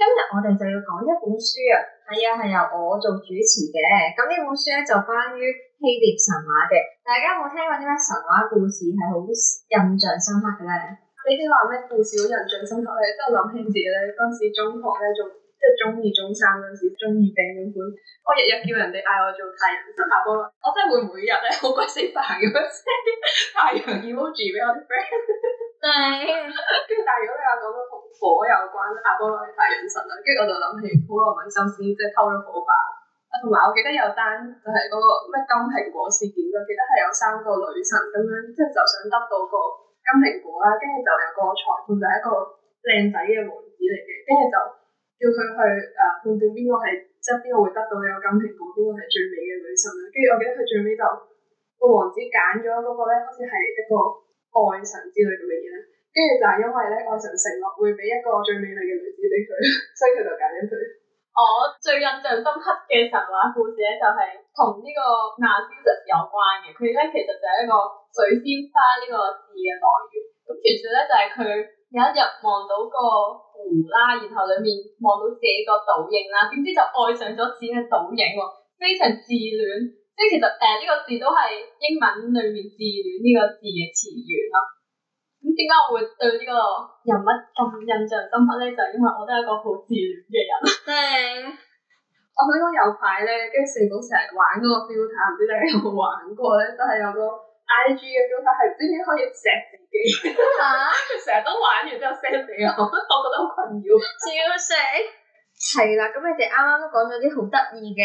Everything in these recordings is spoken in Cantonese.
今日我哋就要講一本書啊，係啊係由我做主持嘅。咁呢本書咧就關於希臘神話嘅。大家有冇聽過啲咩神話故事係好印象深刻嘅咧？你哋話咩故事好印象深刻咧，都諗起自己咧，當時中學咧仲。即係中二中三嗰陣時，中二病咁款。我日日叫人哋嗌我做太陽神阿波羅。我真係會每日咧好鬼死煩咁樣，太陽 emoji 俾我啲 friend。係跟住， 但係如果你話講到同火有關咧，阿波羅係太陽神啦。跟住我就諗起普羅米修斯即係偷咗火把啊。同埋我記得有單就係、是、嗰、那個咩、就是、金蘋果事件咯。記得係有三個女神咁樣，即係就是、想得到個金蘋果啦。跟住就有個裁判就係一個靚仔嘅王子嚟嘅，跟住就。叫佢去誒判斷邊個係即係邊個會得到呢個金蘋果，邊個係最美嘅女神啦。跟住我記得佢最尾就個王子揀咗嗰個咧，好似係一個愛神之類咁嘅嘢啦。跟住就係因為咧愛神承諾會俾一個最美麗嘅女子俾佢， 所以佢就揀咗佢。我最印象深刻嘅神話故事咧，就係同呢個亞斯石有關嘅。佢咧其實就係一個水仙花個呢個字嘅來源。咁其實咧就係、是、佢。有一日望到個湖啦，然後裏面望到自己個倒影啦，點知就愛上咗自己嘅倒影喎，非常自戀。即係其實誒呢、呃這個字都係英文裏面自戀呢個字嘅詞源咯。咁點解我會對呢個人物咁印象深刻咧？就係、因為我都係一個好自戀嘅人。即係、嗯、 我喺我有排咧，跟住成日玩嗰個 Feel 探，唔知你有冇玩過咧？都係有個。I G 嘅表態係點解可以錫自己、啊？嚇！成日都玩完之後 send 俾我，我覺得好困擾 照射。笑死！係啦，咁你哋啱啱都講咗啲好得意嘅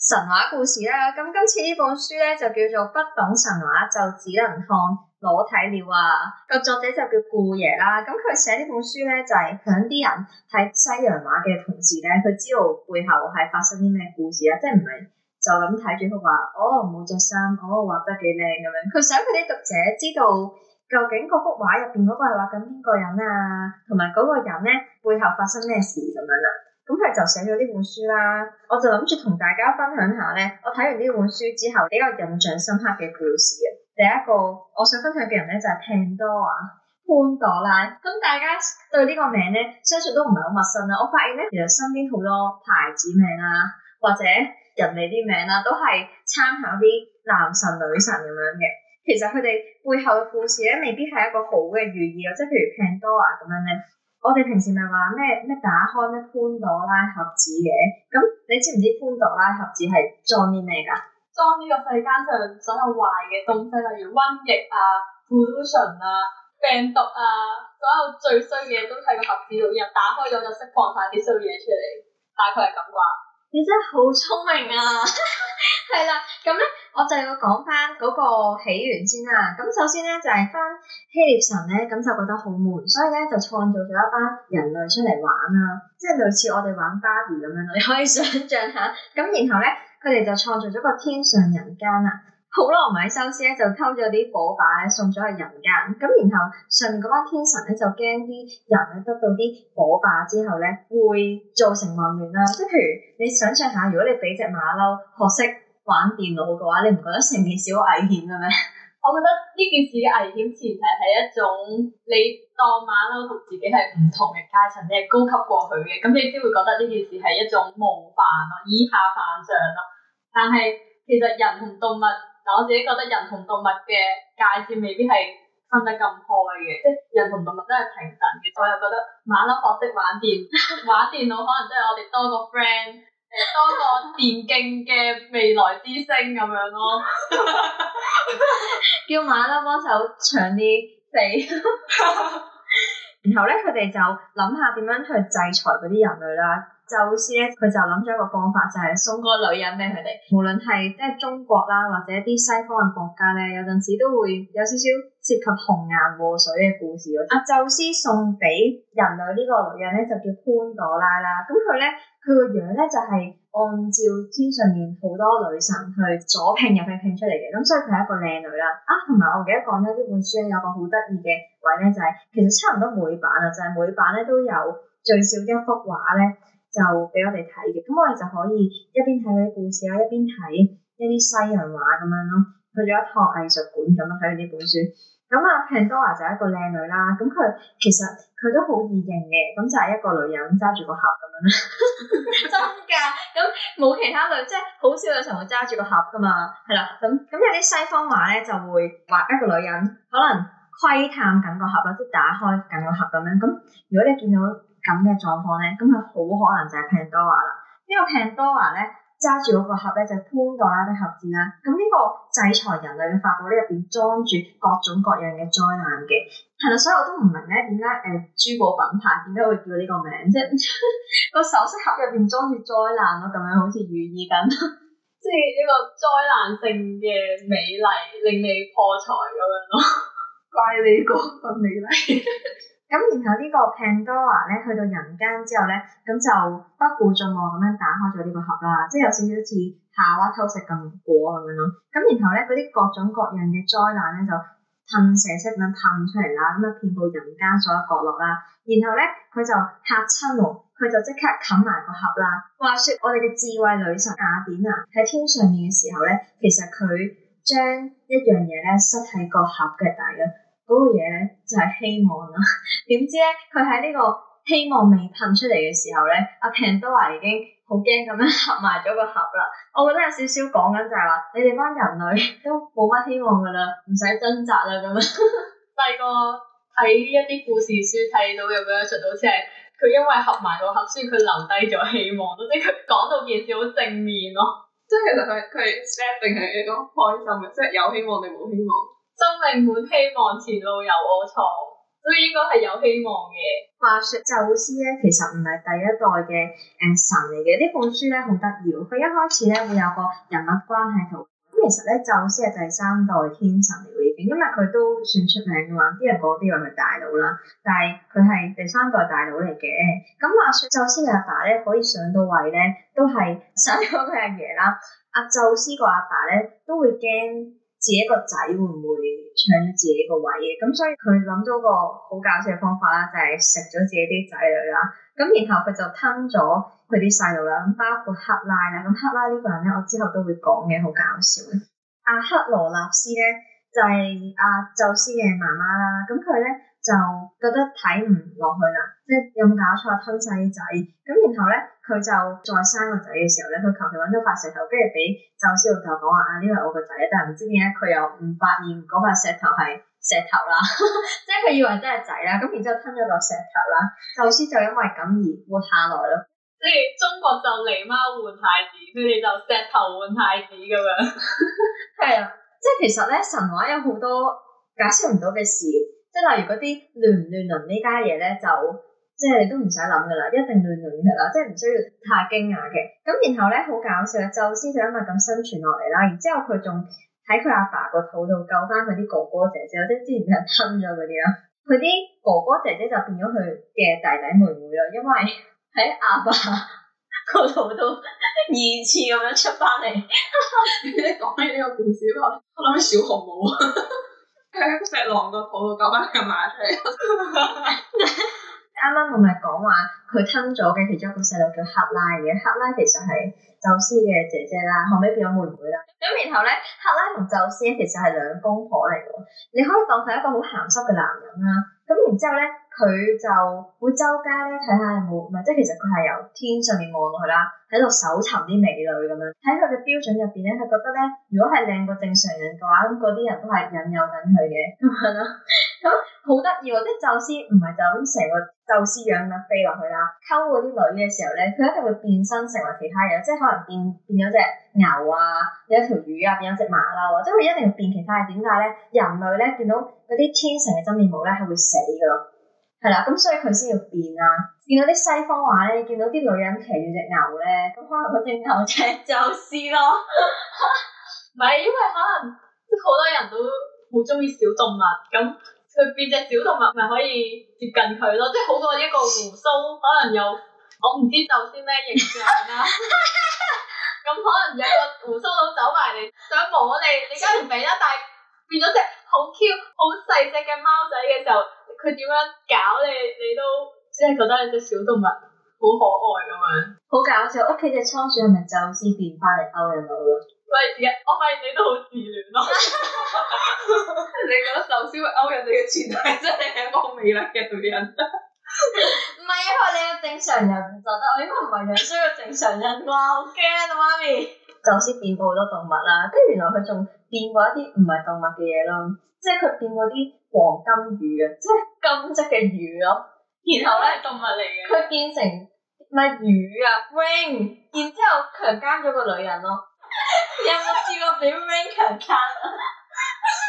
神話故事啦。咁今次呢本書咧就叫做《不懂神話就只能看裸體了》啊，個作者就叫顧爺啦。咁佢寫呢本書咧就係想啲人睇西洋畫嘅同時咧，佢知道背後係發生啲咩故事啊，即係唔係？就咁睇住幅畫，哦冇着衫，哦畫得幾靚咁樣。佢想佢啲讀者知道究竟嗰幅畫入邊嗰個係畫緊邊個人啊，同埋嗰個人咧背後發生咩事咁樣啊。咁佢就寫咗呢本書啦。我就諗住同大家分享下咧，我睇完呢本書之後比較印象深刻嘅故事啊。第一個我想分享嘅人咧就係 Pandora，潘朵拉。咁大家對呢個名咧相信都唔係好陌生啦。我發現咧，其實身邊好多牌子名啊，或者～人哋啲名啦，都係參考啲男神女神咁樣嘅。其實佢哋背後嘅故事咧，未必係一個好嘅寓意咯。即係譬如 Pandora 咁樣咧，我哋平時咪話咩咩打開咩潘朵拉盒子嘅。咁你知唔知潘朵拉盒子係裝啲咩嚟噶？裝呢個世間上所有壞嘅東西，例如瘟疫啊、pollution 啊、病毒啊，所有最衰嘅嘢都喺個盒子度又。打開咗就釋放晒啲衰嘢出嚟，大概係咁啩。你真係好聰明啊！ 係啦，咁咧我就要講翻嗰個起源先啦。咁首先咧就係、是、翻希臘神咧，咁就覺得好悶，所以咧就創造咗一班人類出嚟玩啦、啊，即係類似我哋玩芭比咁樣咯。你可以想象下，咁然後咧佢哋就創造咗個天上人間啦。好唔瑪修斯咧就偷咗啲火把送咗去人間，咁然後上面嗰班天神咧就驚啲人咧得到啲火把之後咧會造成混亂啦。即係譬如你想像下，如果你俾隻馬騮學識玩電腦嘅話，你唔覺得成件事好危險嘅咩？我覺得呢件事嘅危險前提係一種你當馬騮同自己係唔同嘅階層，你係高級過佢嘅，咁你先會覺得呢件事係一種冒犯咯，以下犯上咯。但係其實人同動物。嗱，我自己覺得人同動物嘅界線未必係分得咁開嘅，即係人同動物都係平等嘅。我又覺得馬騮學識玩電 玩電腦，可能都係我哋多個 friend，誒多個電競嘅未來之星咁樣咯， 叫馬騮幫手搶啲死。 然後咧佢哋就諗下點樣去制裁嗰啲人類啦。宙斯咧，佢就諗咗一個方法，就係、是、送個女人俾佢哋。無論係即係中國啦，或者一啲西方嘅國家咧，有陣時都會有少少涉及紅顏禍水嘅故事咯。啊，宙斯送俾人類呢個女人咧，就叫潘朵拉啦。咁佢咧，佢個樣咧就係、是、按照天上面好多女神去左拼右拼拼出嚟嘅。咁所以佢係一個靚女啦。啊，同埋我唔記得講咧，呢本書咧有個好得意嘅位咧，就係其實差唔多每版啊，就係、是、每版咧都有最少一幅畫咧。就俾我哋睇嘅，咁我哋就可以一邊睇佢啲故事啦，一邊睇一啲西洋畫咁樣咯。去咗一趟藝術館咁樣睇呢本書、啊。咁啊，Pandora 就係一個靚女啦。咁佢其實佢都好易認嘅，咁就係一個女人揸住個盒咁樣啦的。真㗎、 啊，咁冇其他女，即係好少有時候會揸住個盒噶嘛。係啦，咁咁有啲西方畫咧就會畫一個女人，可能窺探緊個盒或者打開緊個盒咁樣。咁如果你見到咁嘅狀況咧，咁佢好可能就係潘多 a 啦。呢個潘多 a 咧，揸住嗰個盒咧，就潘多拉的盒子啦。咁呢個制裁人類嘅法寶咧，入邊裝住各種各樣嘅災難嘅。係啦，所以我都唔明咧，點解誒珠寶品牌點解會叫呢個名即啫？個、就、首、是、 飾盒入邊裝住災難咯，咁樣好似寓意緊，即係呢個災難性嘅美麗，令你破財咁樣咯。 怪你過分美麗。 咁然後個呢個潘多拉咧，去到人間之後咧，咁就不負眾望咁樣打開咗呢個盒啦，即係有少少似夏娃偷食禁果咁樣咯。咁然後咧，嗰啲各種各樣嘅災難咧，就噴射式咁樣噴出嚟啦，咁啊遍佈人間所有角落啦。然後咧，佢就嚇親喎，佢就即刻冚埋個盒啦。話說我哋嘅智慧女神雅典娜喺天上面嘅時候咧，其實佢將一樣嘢咧塞喺個盒嘅大啦，嗰個嘢咧。就係希望啦，點知咧？佢喺呢個希望未噴出嚟嘅時候咧，阿 Pan 都話已經好驚咁樣合埋咗個盒啦。我覺得有少少講緊就係、是、話，你哋班人類都冇乜希望噶啦，唔使掙扎啦咁啊。細、就是、 個睇一啲故事書睇到嘅描述，好似係佢因為合埋個盒書，佢留低咗希望，即係佢講到件事好正面咯。即係佢佢 expect 定係一種開心嘅，即係有希望定冇希望。真係滿希望有，前路由我創，都應該係有希望嘅。話說宙斯咧，其實唔係第一代嘅誒神嚟嘅。呢本書咧好得意，佢一開始咧會有個人物關係圖。咁其實咧，宙斯係第三代天神嚟嘅，因為佢都算出名嘅嘛，啲人講啲話佢係大佬啦。但係佢係第三代大佬嚟嘅。咁話說宙斯嘅阿爸咧可以上到位咧，都係上咗佢阿爺啦。阿、啊、宙斯個阿爸咧都會驚自己個仔會唔會搶咗自己個位嘅？咁所以佢諗咗個好搞笑嘅方法啦，就係食咗自己啲仔女啦。咁然後佢就吞咗佢啲細路啦。咁包括赫拉啦。咁赫拉呢個人咧，我之後都會講嘅，好搞笑。阿、啊、克羅納斯咧就係阿宙斯嘅媽媽啦。咁佢咧。就覺得睇唔落去啦，即係有冇搞錯吞曬仔咁，然後咧佢就再生個仔嘅時候咧，佢求其揾咗塊石頭，跟住俾宙斯老豆講話啊呢個係我個仔，但係唔知點解佢又唔發現嗰塊石頭係石頭啦，即係佢以為真係仔啦，咁然之後吞咗落石頭啦，宙斯就因為咁而活下來咯。即係中國就狸貓換太子，佢哋就石頭換太子咁樣，係 啊，即係其實咧神話有好多解釋唔到嘅事。即係例如嗰啲亂唔亂倫呢家嘢咧，就即係你都唔使諗噶啦，一定亂倫噶啦，即係唔需要太驚訝嘅。咁然後咧好搞笑，就宙斯咪咁生存落嚟啦。然之後佢仲喺佢阿爸個肚度救翻佢啲哥哥姐姐，即係之前俾人吞咗嗰啲啦。佢啲哥哥姐姐就變咗佢嘅弟弟妹妹咯，因為喺阿、哎、爸個肚度二次咁樣出翻嚟。 你講起呢個故事，我諗小學冇。 石狼個肚度搞翻嚿牙出嚟。啱啱我咪講話佢吞咗嘅其中一個細路叫赫拉嘅，赫拉其實係宙斯嘅姐姐啦，後尾變咗妹妹啦。咁然後咧，赫拉同宙斯其實係兩公婆嚟嘅，你可以當佢係一個好鹹濕嘅男人啦。咁然之後咧，佢就會周街咧睇下有冇，唔係即係其實佢係由天上面望落去啦，喺度搜尋啲美女咁樣。喺佢嘅標準入邊咧，佢覺得咧，如果係靚過正常人嘅話，咁嗰啲人都係引誘緊佢嘅，咁係咯。咁好得意喎！即係宙斯唔係就咁成個宙斯樣咁樣飛落去啦，溝嗰啲女嘅時候咧，佢一定會變身成為其他嘢，即係可能變變咗隻牛啊，變咗條魚啊，變咗隻馬騮，或者佢一定要變其他嘢。點解咧？人類咧見到嗰啲天神嘅真面目咧係會死噶，係啦，咁所以佢先要變啊。見到啲西方畫咧，見到啲女人騎住隻牛咧，咁可能嗰隻牛就係宙斯咯，唔 係因為可能好多人都好中意小動物咁。佢變隻小動物，咪可以接近佢咯，即係好過一個胡鬚，可能有我唔知就先咩形象啦、啊。咁、 嗯、可能有一個胡鬚佬走埋嚟想摸你，你梗係唔俾啦，但係變咗隻好 Q、好細隻嘅貓仔嘅時候，佢點樣搞你，你都即係覺得你隻小動物好可愛咁樣，好搞笑。屋企隻倉鼠係咪就先變翻嚟狗嚟咗啦？蜂蜂蜂唔係，我發現你都好自戀咯。 你覺得宙斯會勾引你嘅前提，真係一個好美麗嘅女人。唔係啊，我係一個正常人就得，我應該唔係人，需要正常人啩？好驚啊，媽咪！宙斯變過好多動物啦，跟住原來佢仲變過一啲唔係動物嘅嘢咯，即係佢變過啲黃金雨啊，即係金質嘅雨咯。然後咧，動物嚟嘅。佢變成咩雨啊 rain 然之後強姦咗個女人咯。有冇試過俾 rain 強姦？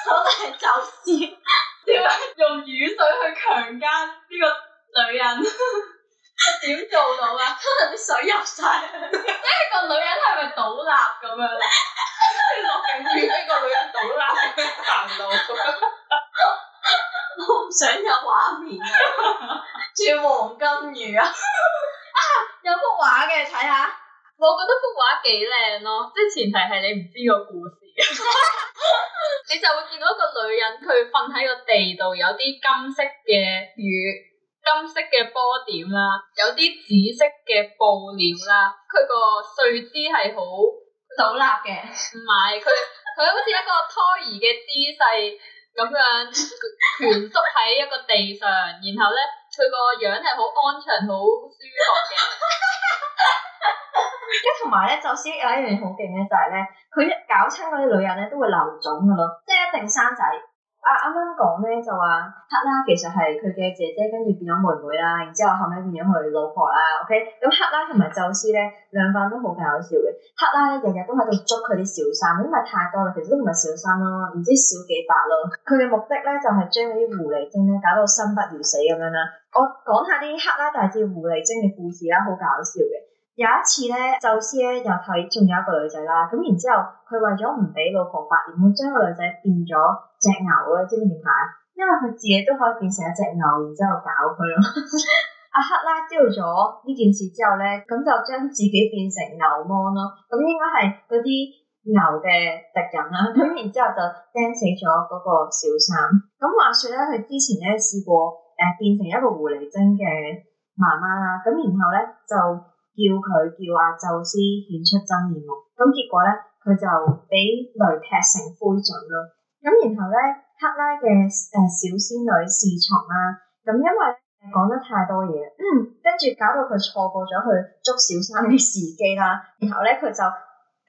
可 能就走字，點用雨水去強奸呢個女人？點 做到啊？啲 水入晒去，即 係個女人係咪倒立咁樣落緊雨仲要呢個女人倒立行路？ 我唔想有畫面啊！住 黃金魚啊！ 啊，有幅畫嘅，睇下。我覺得幅畫幾靚咯，即係前提係你唔知個故事， 你就會見到一個女人，佢瞓喺個地度，有啲金色嘅雨、金色嘅波點啦，有啲紫色嘅布料啦，佢個睡姿係好倒立嘅，唔係佢，佢好似一個胎兒嘅姿勢咁樣蜷縮喺一個地上，然後咧佢個樣係好安詳、好舒服嘅。 咁同埋咧，宙斯 有，有一樣好勁咧，就係咧，佢搞親嗰啲女人咧都會留種噶咯，即係一定生仔。啊，啱啱講咧就話赫拉其實係佢嘅姐姐，跟住變咗妹妹啦，然之後後尾變咗佢老婆啦。O K，咁赫拉同埋宙斯咧兩個都好搞笑嘅。赫拉咧日日都喺度捉佢啲小三，因為太多啦，其實都唔係小三咯，唔知小幾百咯。佢嘅目的咧就係將嗰啲狐狸精咧搞到生不如死咁樣啦。我講下啲赫拉大戰狐狸精嘅故事啦，好搞笑嘅。有一次咧，宙斯咧又睇，仲有一個女仔啦。咁然之後，佢為咗唔俾老婆發現，將個女仔變咗隻牛啊！知唔知點解？因為佢自己都可以變成一隻牛，然之後搞佢咯。阿 克拉知道咗呢件事之後咧，咁就將自己變成牛魔咯。咁應該係嗰啲牛嘅敵人啦。咁然之後就叮死咗嗰個小三。咁話說咧，佢之前咧試過誒變成一個狐狸精嘅媽媽啦。咁然後咧就～叫佢叫阿宙斯顯出真面目，咁結果咧佢就俾雷劈成灰燼咯。咁然後咧克拉嘅誒小仙女侍從啦，咁因為講得太多嘢，嗯，跟住搞到佢錯過咗去捉小三嘅時機啦。然後咧佢就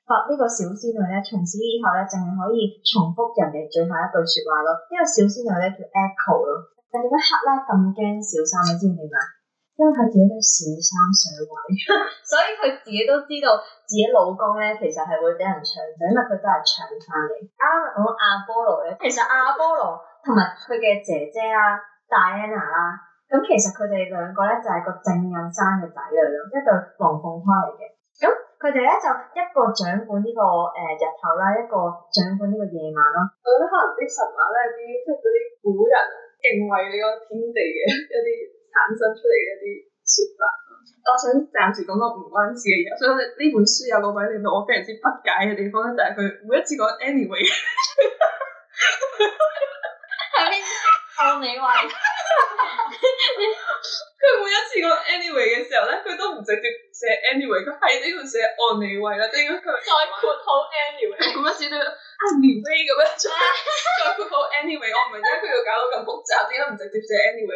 罰呢個小仙女咧，從此以後咧淨係可以重複人哋最後一句説話咯。呢個小仙女咧叫 Echo 咯。但點解克拉咁驚小三你知唔知啊？因為佢自己都小三上位， 所以佢自己都知道自己老公咧，其實係會俾人搶，因為佢都係搶翻嚟。啱啱講阿波羅嘅，其實阿波羅同埋佢嘅姐姐啊，戴安娜啦，咁其實佢哋兩個咧就係、是、個正印生嘅仔嚟咯，一對龍鳳胎嚟嘅。咁佢哋咧就一個掌管呢個誒日頭啦，一個掌管呢個夜晚咯。我覺得、嗯、可能啲神話咧，啲即係嗰啲古人敬畏呢個天地嘅一啲，產生出嚟嘅啲説法，我想暫時講個唔關事嘅嘢。所以呢本書有個位令到我非常之不解嘅地方咧，就係佢每一次講 anyway，後 尾 話，佢 每一次講 anyway 嘅時候咧，佢都唔直接。Anyway, 寫，哦、寫 anyway，佢係點樣寫 anyway 啦？點解佢再括好 anyway 咁啊？始料阿廖威咁樣再括好 anyway，我唔明點解佢要搞到咁複雜，點解唔直接寫 anyway？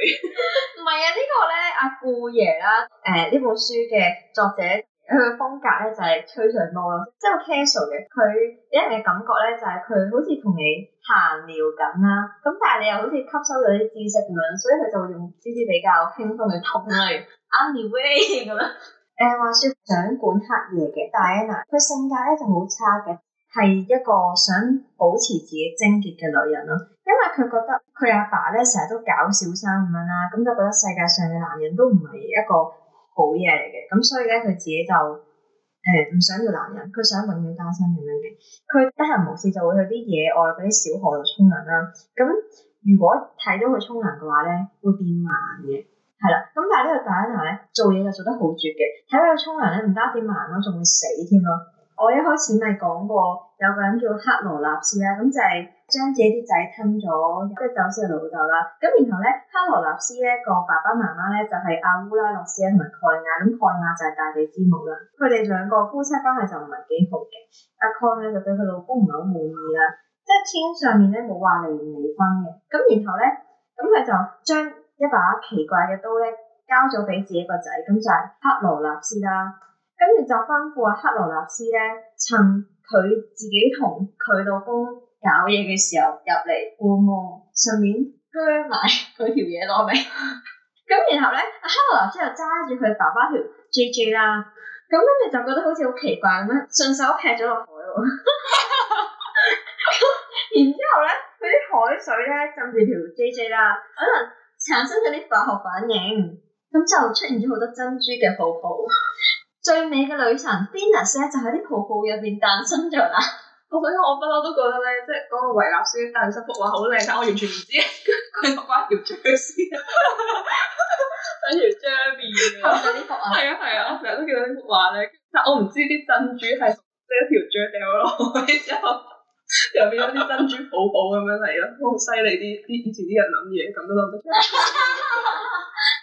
唔係啊，這個、呢個咧阿顧爺啦，誒呢本書嘅作者佢嘅風格咧就係吹水咯，即係 casual 嘅，佢俾人嘅感覺咧就係佢好似同你閒聊緊啦，咁但係你又好似吸收咗啲知識咁樣，所以佢就會用啲啲比較輕鬆嘅 tone 嚟 anyway 咁樣。誒，話說掌管黑夜嘅戴安娜，佢性格咧就好差嘅，係一個想保持自己貞潔嘅女人咯。因為佢覺得佢阿爸咧成日都搞小三咁樣啦，咁就覺得世界上嘅男人都唔係一個好嘢嚟嘅，咁所以咧佢自己就誒唔、嗯、想要男人，佢想永遠單身咁樣嘅。佢得閒無事就會去啲野外嗰啲小河度沖涼啦。咁如果睇到佢沖涼嘅話咧，會變盲嘅。係啦，咁但係呢個戴安娜咧做嘢就做得好絕嘅，睇佢沖涼咧唔單止盲咯，仲會死添咯。我一開始咪講過有個人叫克羅納斯啊，咁就係將自己啲仔吞咗，即係走失老豆啦。咁然後咧，克羅納斯咧個爸爸媽媽咧就係、是、阿烏拉諾斯啊同埋蓋亞，咁蓋亞就係大地之母啦。佢哋兩個夫妻關係就唔係幾好嘅，阿蓋亞就對佢老公唔係好滿意啦，即係天上面咧冇話離唔離婚嘅。咁然後咧，咁佢就將，一把奇怪嘅刀咧，交咗俾自己個仔，咁就係克羅納斯啦。跟住就吩咐阿克羅納斯咧，趁佢自己同佢老公搞嘢嘅時候入嚟觀望，順便鋸埋佢條嘢攞嚟。咁 然後咧，阿克羅納斯就揸住佢爸爸條 J J 啦。咁跟住就覺得好似好奇怪咁樣，順手劈咗落海。咁， 然之後咧，佢啲海水咧浸住條 J J 啦，可能。產生咗啲化學反應，咁就出現咗好多珍珠嘅泡泡。最美嘅女神 Venus 就喺啲泡泡入邊誕生咗啦。我覺得我不嬲都覺得咧，即係嗰個維納斯誕生幅畫好靚，但我完全唔知佢掛住條蛇先，跟住 Jer。係啊係啊，我成日都見到呢幅畫咧，但係我唔知啲珍珠係即係條蛇掉落去之後。 又變咗啲珍珠寶寶咁樣嚟咯，好犀利啲，啲以前啲人諗嘢，咁都諗得出。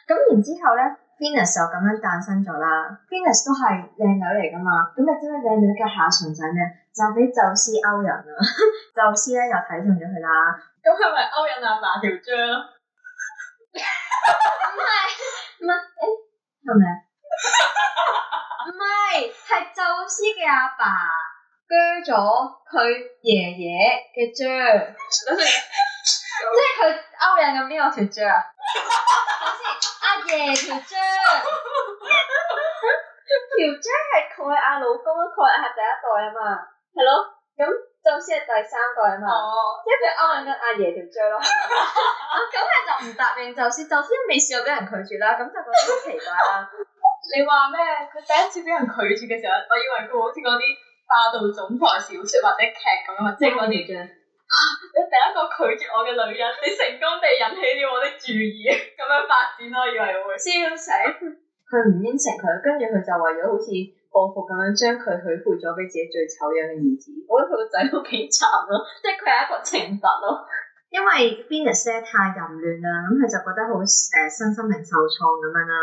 咁 然之後咧，Venus 就咁樣誕生咗啦。Venus 都係靚女嚟噶嘛，咁你知道靚女嘅下場仔咩？就俾宙斯勾人啊。宙斯咧又睇中咗佢啦。咁佢咪勾引阿爸條章？唔係唔係，係咪？唔係，係宙斯嘅阿爸。鋸咗佢爺爺嘅章，爺爺 即係佢勾引緊邊個條章？先，阿爺條章，條章係佢阿老公，佢係第一代啊嘛，係咯 Hello?、啊？咁宙斯係第三代啊嘛，哦，即係佢勾引緊阿爺條章咯，係咪 是吧？咁 係、啊、就唔答應就算就算未試過俾人拒絕啦，咁就覺得好奇怪啦、啊。 你話咩？佢第一次俾人拒絕嘅時候，我以為佢好似嗰啲。霸道總裁小說或者劇咁樣，即係哋啲。吓、啊，你第一個拒絕我嘅女人， 你成功地引起了我的注意，咁 樣發展，我以為會應承。佢唔 應承佢，跟住佢就為咗好似報復咁樣，將佢許配咗俾自己最醜樣嘅兒子。我覺得佢個仔都幾慘咯，即係佢係一個懲罰咯。 因為 Venus 咧太淫亂啦，咁佢就覺得好誒，身心靈受創咁樣啦。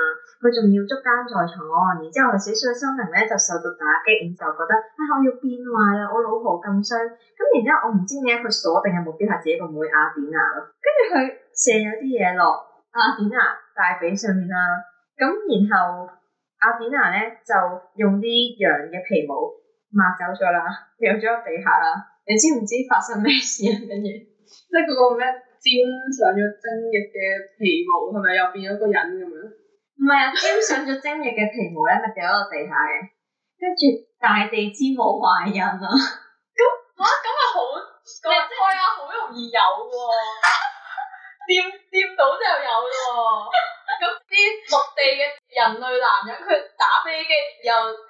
佢仲要捉姦在床，然之後少嘅心靈咧就受到打擊，就覺得啊、哎，我要變壞啦！我老婆咁衰，咁然之後我唔知點解佢鎖定嘅目標係自己個妹，妹阿典娜咯。跟住佢射咗啲嘢落阿典娜大髀上面啦。咁然後阿典娜咧就用啲羊嘅皮毛抹走咗啦，掉咗喺地下啦。你知唔知發生咩事啊？跟住？即係嗰個咩沾上咗精液嘅皮毛係咪又變咗個人咁樣？唔係啊，沾上咗精液嘅皮毛咧，咪掉咗個地下，跟住大地之母懷孕啊！咁啊，咁係好，係、那個、啊，好容易有嘅，掂掂 到就有啦。咁啲陸地嘅人類男人佢打飛機又。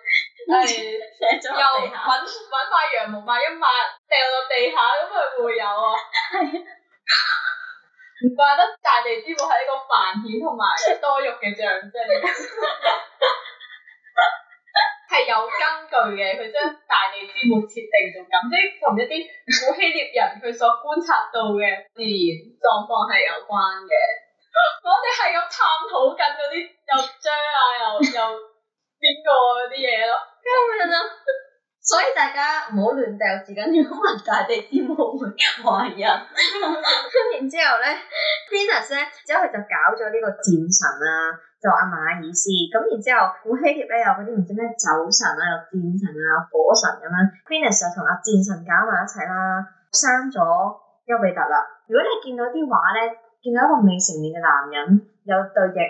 係，呃、 又揾揾塊羊毛，抹一抹掉落地下，咁佢會有啊？係，唔怪得大地之母係一個繁衍同埋多肉嘅象徵，係 有根據嘅。佢將大地之母設定做咁、這個，即係同一啲古希臘人佢所觀察到嘅自然狀況係有關嘅。 我哋係有探討緊嗰啲又將啊，又又邊個嗰啲嘢咯？救命啊！所以大家唔好亂掉，最緊要大地上冇壞人。然之後咧，Venus 咧，之後佢就搞咗呢個戰神啊，就阿馬爾斯。咁然之後，古希臘咧有嗰啲唔知咩酒神啊，有戰神啊，火神咁、啊、啦。 Venus 就同阿戰神搞埋一齊啦、啊，生咗丘比特啦。如果你見到啲畫咧，見到一個未成年嘅男人有對翼，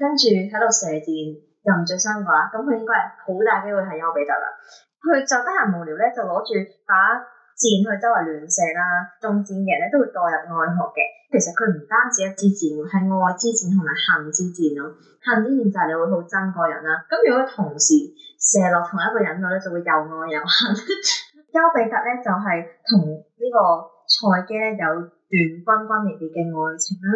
跟住喺度射箭。又唔着衫嘅話，咁佢應該係好大機會係丘比特啦。佢就得閒無聊咧，就攞住把箭去周圍亂射啦。中箭嘅人咧都會墮入愛河嘅。其實佢唔單止一支箭，係愛之箭同埋恨之箭咯。恨之箭就係你會好憎個人啦。咁如果同時射落同一個人度咧，就會又愛又恨。丘 比特咧就係同呢個賽基咧有段轟轟烈烈嘅愛情啦。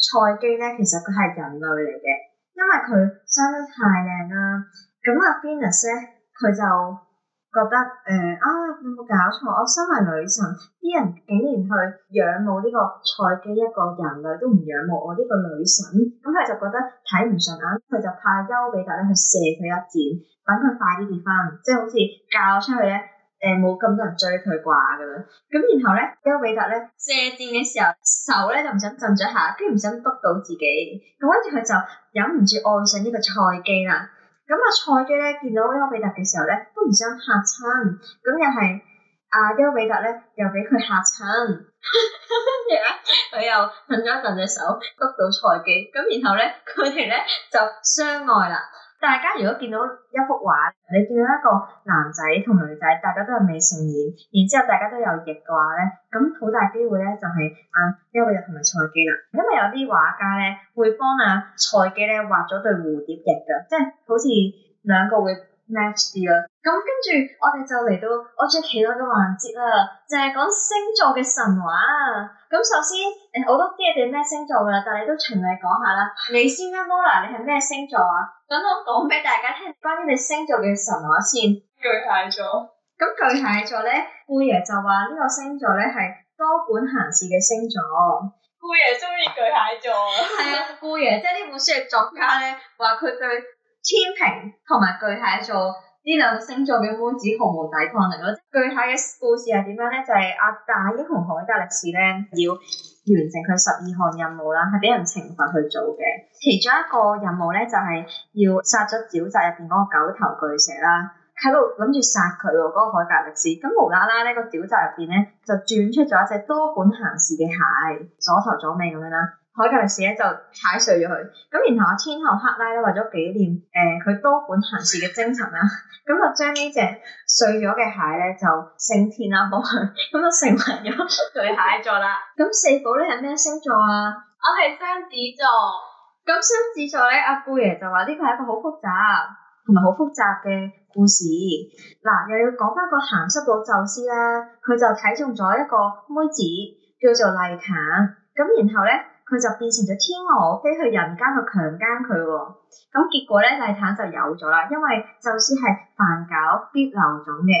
賽基咧其實佢係人類嚟嘅，因為佢。生得太靚啦，咁阿 Venus 咧，佢就覺得誒、呃、啊，有冇搞錯？我身為女神，啲人竟然去仰慕呢個賽基一個人類，都唔仰慕我呢個女神，咁佢就覺得睇唔順眼，佢就派丘比特咧去射佢一箭，等佢快啲結婚，即係好似嫁出去咧。誒，冇咁多人追佢啩咁樣，咁然後咧，丘比特咧射箭嘅時候手咧就唔想震咗下，跟住唔想篤到自己，咁跟住佢就忍唔住愛上呢個菜雞啦。咁、那、啊、個、菜雞咧見到丘比特嘅時候咧，都唔想嚇親，咁又係阿丘比特咧又俾佢嚇親，佢 又震咗一陣隻手，篤到菜雞，咁然後咧佢哋咧就相愛啦。大家如果見到一幅畫，你見到一個男仔同女仔，大家都係未成年，然之後大家都有翼嘅話咧，咁好大機會咧就係啊呢個人同埋賽基啦，因為有啲畫家咧會幫啊賽基咧畫咗對蝴蝶翼嘅，即係好似兩個會。match 啲啦，咁跟住我哋就嚟到我最期待嘅環節啦，就係、是、講星座嘅神話啊！咁首先，誒，我都知你咩星座噶啦，但係你都循例講下啦。你先啦，Mola，你係咩星座啊？等我講俾大家聽，關於你星座嘅神話先。巨蟹座。咁巨蟹座咧，顧爺就話呢個星座咧係多管閒事嘅星座。顧爺中意巨蟹座。係 啊，顧爺，即係呢本書嘅作家咧，話佢對。天平同埋巨蟹座呢兩個星座嘅女子毫無抵抗力咯。巨蟹嘅故事係點樣咧？就係、是、阿大英雄海格力斯咧，要完成佢十二項任務啦，係俾人懲罰去做嘅。其中一個任務咧，就係、是、要殺咗沼澤入邊嗰個九頭巨蛇啦。喺度諗住殺佢喎，嗰、那個海格力斯。咁無啦啦呢個沼澤入邊咧就轉出咗一隻多管閒事嘅蟹，左頭左尾咁樣啦。海格列斯咧就踩碎咗佢，咁然後阿天后赫拉咧為咗紀念誒佢、呃、多管閒事嘅精神啦，咁就將呢隻碎咗嘅蟹咧就升天啦，幫佢咁就成為咗巨蟹座啦。咁 四寶咧係咩星座啊？我係雙子座。咁雙子座咧，阿顧爺就話呢個係一個好複雜同埋好複雜嘅故事嗱，又要講翻個鹹濕佬宙斯啦，佢就睇中咗一個妹子叫做麗卡。咁然後咧。佢就變成咗天鵝，飛去人間去強姦佢喎、哦，咁結果咧，麗坦就有咗啦，因為宙斯係犯搞必留種嘅，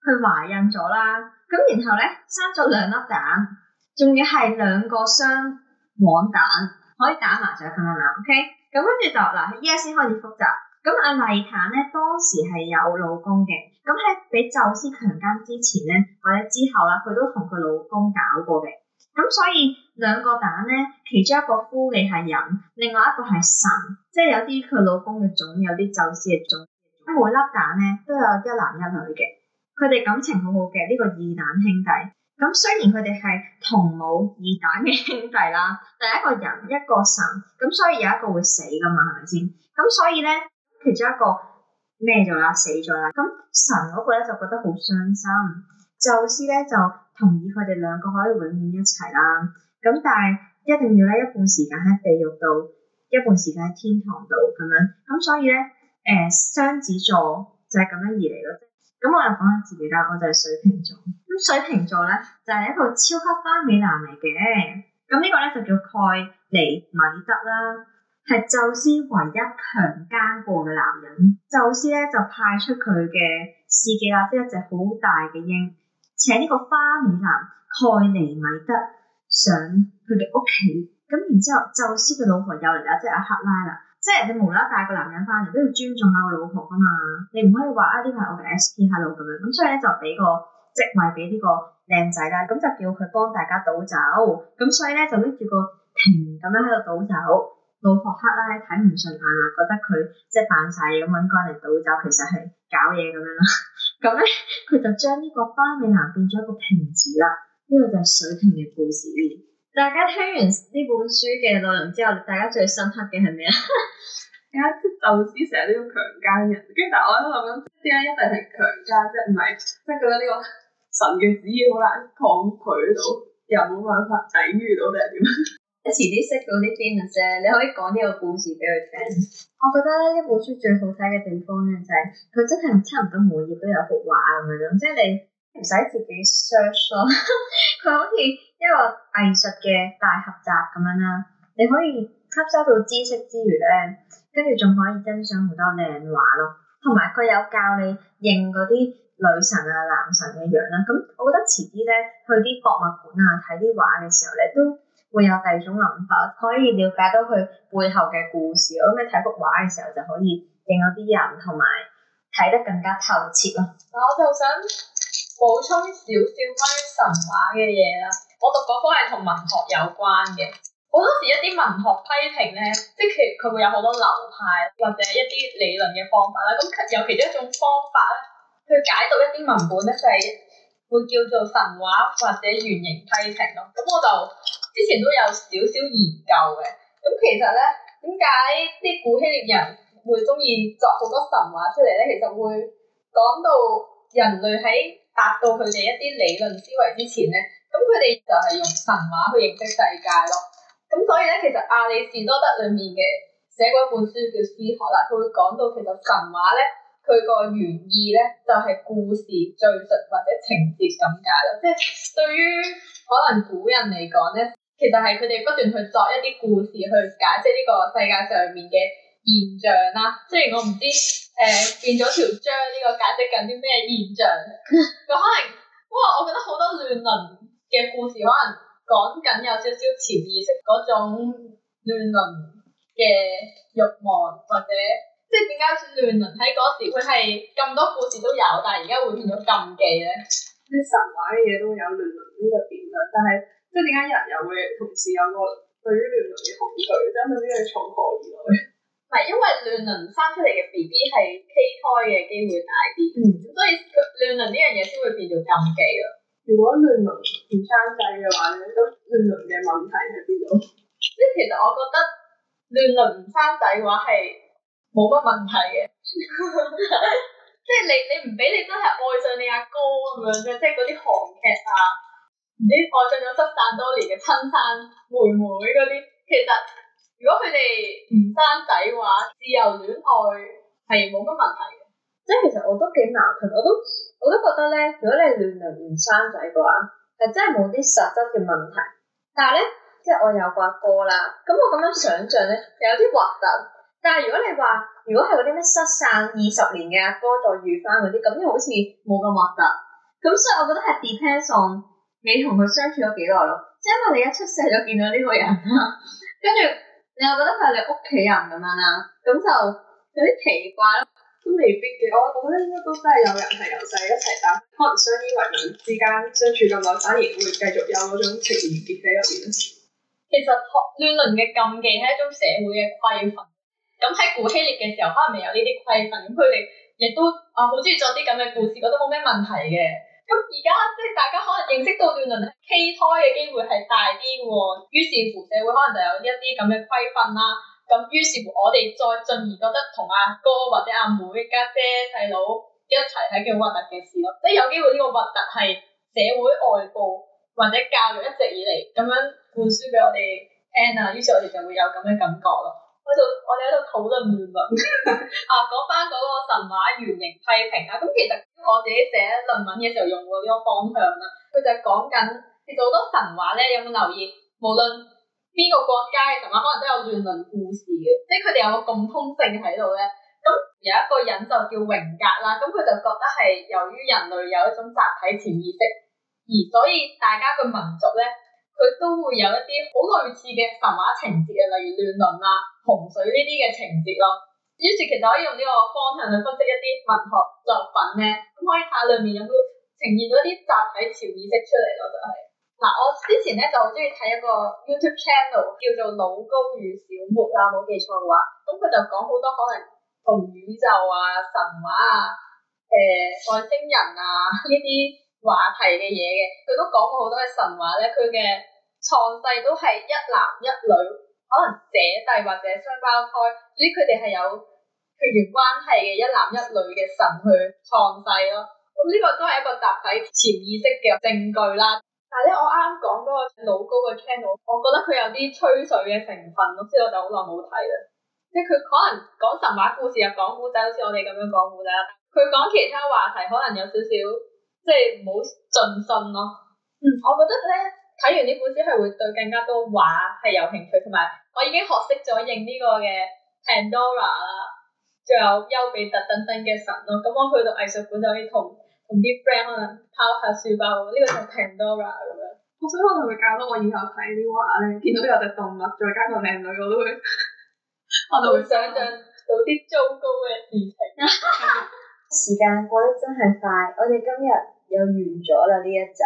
佢懷孕咗啦，咁然後咧，生咗兩粒蛋，仲要係兩個雙黃蛋，可以打麻雀咁樣啦，OK，咁跟住就嗱，依家先開始複雜，咁阿麗坦咧，當時係有老公嘅，咁喺俾宙斯強姦之前咧或者之後啦，佢都同佢老公搞過嘅，咁所以。兩個蛋咧，其中一個夫嘅係人，另外一個係神，即係有啲佢老公嘅種，有啲宙斯嘅種。每粒蛋咧，都有一男一女嘅，佢哋感情好好嘅，呢個二蛋兄弟。咁雖然佢哋係同母二蛋嘅兄弟啦，但係一個人一個神，咁所以有一個會死噶嘛，係咪先？咁所以咧，其中一個咩咗啦，死咗啦。咁神嗰個咧就覺得好傷心，宙斯咧就同意佢哋兩個可以永遠一齊啦。咁但係一定要咧，一半時間喺地獄度，一半時間喺天堂度咁樣。咁所以咧，誒雙子座就係咁樣而嚟咯。咁我又講下自己啦，我就係水瓶座。咁水瓶座咧就係、是、一個超級花美男嚟嘅。咁、這、呢個咧就叫蓋尼米德啦，係宙斯唯一強姦過嘅男人。宙斯咧就派出佢嘅司機啦，即係一隻好大嘅鷹，請呢個花美男蓋尼米德。上佢哋屋企，咁然之後，宙斯嘅老婆又嚟啦，即係阿克拉啦，即係你無啦啦帶個男人翻嚟，都要尊重下個老婆噶嘛，你唔可以話啊呢個係我嘅 S P hello 咁樣，咁所以咧就俾個職位俾呢個靚仔啦，咁就叫佢幫大家倒酒，咁所以咧就拎住個瓶咁樣喺度倒酒，老婆克拉睇唔順眼啊，覺得佢即係扮晒嘢咁揾 guy 嚟倒酒，其實係搞嘢咁樣啦，咁咧佢就將呢個花美男變咗一個瓶子啦。呢個就係水平嘅故事。大家聽完呢本書嘅內容之後，大家最深刻嘅係咩啊？ 有一宙斯成日都強姦人，跟住但係我喺度諗緊，點解一定係強姦啫？唔係即係覺得呢個神嘅旨意好難抗拒到，又冇辦法抵御到，定係 點啊？你遲啲識到啲 science 你可以講呢個故事俾佢聽。 我覺得呢一本書最好睇嘅地方咧，就是，就係佢真係差唔多每頁都有幅畫咁樣，即係你。唔使自己 search 咯，佢好似一個藝術嘅大合集咁樣啦、啊。你可以吸收到知識之餘咧，跟住仲可以欣賞好多靚畫咯。同埋佢有教你認嗰啲女神啊、男神嘅樣啦。咁我覺得遲啲咧去啲博物館啊睇啲畫嘅時候咧，都會有第二種諗法，可以了解到佢背後嘅故事。咁你睇幅畫嘅時候就可以認嗰啲人，同埋睇得更加透徹咯。我就想。補充少少關於神話嘅嘢啦，我讀嗰科係同文學有關嘅。好多時一啲文學批評咧，即係佢會有好多流派或者一啲理論嘅方法啦。咁有其中一種方法咧，去解讀一啲文本咧，就係會叫做神話或者原型批評咯。咁、嗯、我就之前都有少少研究嘅。咁其實咧，點解啲古希臘人會鍾意作好多神話出嚟咧？其實會講到人類喺～達到佢哋一啲理論思維之前咧，咁佢哋就係用神話去認識世界咯。咁所以咧，其實阿里士多德裡面嘅寫過一本書叫《詩學》啦，佢會講到其實神話咧，佢個原意咧就係、是、故事敍述或者情節咁解咯。即、就、係、是、對於可能古人嚟講咧，其實係佢哋不斷去作一啲故事去解釋呢個世界上面嘅。現象啦、啊，即係我唔知誒、呃、變咗條章呢個解釋緊啲咩現象， 就可能哇，我覺得好多亂倫嘅故事可能講緊有少少潛意識嗰種亂倫嘅欲望，或者即係點解亂倫喺嗰時會係咁多故事都有，但係而家會變咗禁忌呢？咧？啲神話嘅嘢都有亂倫呢個點啊，但係即係點解人又會同時有個對於亂倫嘅恐懼？真係佢呢個從何而來？ 唔係，因為亂倫生出嚟嘅 B B 係畸胎嘅機會大啲，咁所以亂倫呢樣嘢先會變做禁忌咯。如果亂倫唔生仔嘅話咧，咁亂倫嘅問題喺邊度？即係其實我覺得亂倫唔生仔嘅話係冇乜問題嘅， 即係你你唔俾你真係愛上你阿哥咁樣嘅，即係嗰啲韓劇啊，唔知愛上咗失散多年嘅親生妹妹嗰啲，其實。如果佢哋唔生仔嘅話，自由戀愛係冇乜問題嘅。即係其實我都幾矛盾，我都我都覺得咧，如果你係亂倫唔生仔嘅話，係真係冇啲實質嘅問題。但係咧，即係我有個阿哥啦，咁我咁樣想像咧，有啲核突。但係如果你話，如果係嗰啲咩失散二十年嘅阿哥再遇翻嗰啲，咁好似冇咁核突。咁所以我覺得係 depends on 你同佢相處咗幾耐咯。即係因為你一出世就見到呢個人啦， 跟住。你又覺得佢係你屋企人咁樣啦，咁就有啲奇怪咯，都未必嘅。我覺得應該都真係有人係由細一齊，打，可能、嗯、相依為命之間相處咁耐，反而會繼續有嗰種情意結喺入邊咯。其實亂倫嘅禁忌係一種社會嘅規範，咁喺古希臘嘅時候可能未有呢啲規範，咁佢哋亦都啊好中意作啲咁嘅故事，覺得冇咩問題嘅。咁而家即係大家可能認識到亂倫畸胎嘅機會係大啲喎，於是乎社會可能就有一啲咁嘅規訓啦。咁於是乎我哋再進而覺得同阿哥或者阿妹家姐細佬一齊係叫核突嘅事咯。即係有機會呢個核突係社會外部或者教育一直以嚟咁樣灌輸俾我哋聽啊，於是我哋就會有咁嘅感覺咯。喺度，我哋喺度討論論文啊！講返嗰個神話原型批評啊，咁其實我自己寫論文嘅時候用過呢個方向啦。佢就係講緊其實好多神話咧，有冇留意？無論邊個國家嘅神話，可能都有亂倫故事嘅，即係佢哋有個共通性喺度咧。咁有一個人就叫榮格啦，咁佢就覺得係由於人類有一種集體潛意識，而所以大家嘅民族咧。佢都會有一啲好類似嘅神話情節啊，例如亂倫啊、洪水呢啲嘅情節咯。於是其實可以用呢個方向去分析一啲文學作品咧，咁可以睇下裏面有冇呈現咗一啲集體潛意識出嚟咯。就係嗱，我之前咧就好中意睇一個 YouTube channel，叫做老高與小木小茉啊，冇記錯嘅話，咁佢就講好多可能同宇宙啊、神話啊、誒、呃、外星人啊呢啲。話題嘅嘢嘅，佢都講過好多嘅神話咧，佢嘅創世都係一男一女，可能姐弟，弟或者雙胞胎，所以佢哋係有血緣關係嘅一男一女嘅神去創世咯。咁呢個都係一個集體潛意識嘅證據啦。但係咧，我啱啱講嗰個老高嘅 channel，我覺得佢有啲吹水嘅成分咯，所以我就好耐冇睇啦。即係佢可能講神話故事又講古仔，好似我哋咁樣講古仔。佢講其他話題，可能有少少。即係唔好盡信咯。嗯，我覺得咧，睇完呢本書係會對更加多畫係有興趣，同埋我已經學識咗認呢個嘅 Pandora 啊，仲有丘比特等等嘅神咯。咁我去到藝術館就可以同同啲 friend 可能拋下書包，呢、這個就 Pandora 咁樣。我想可能會教到我以後睇啲畫咧，見到有隻動物再加個靚女，我都會， 我就會想像到啲糟糕嘅事情。 時間過得真係快，我哋今日又完咗啦呢一集，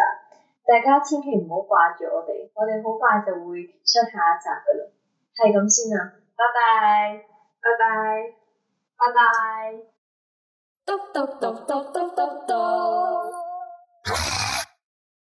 大家千祈唔好掛住我哋，我哋好快就會出下一集噶啦，係咁先啦，拜拜，拜拜，拜拜，嘟嘟嘟嘟嘟嘟。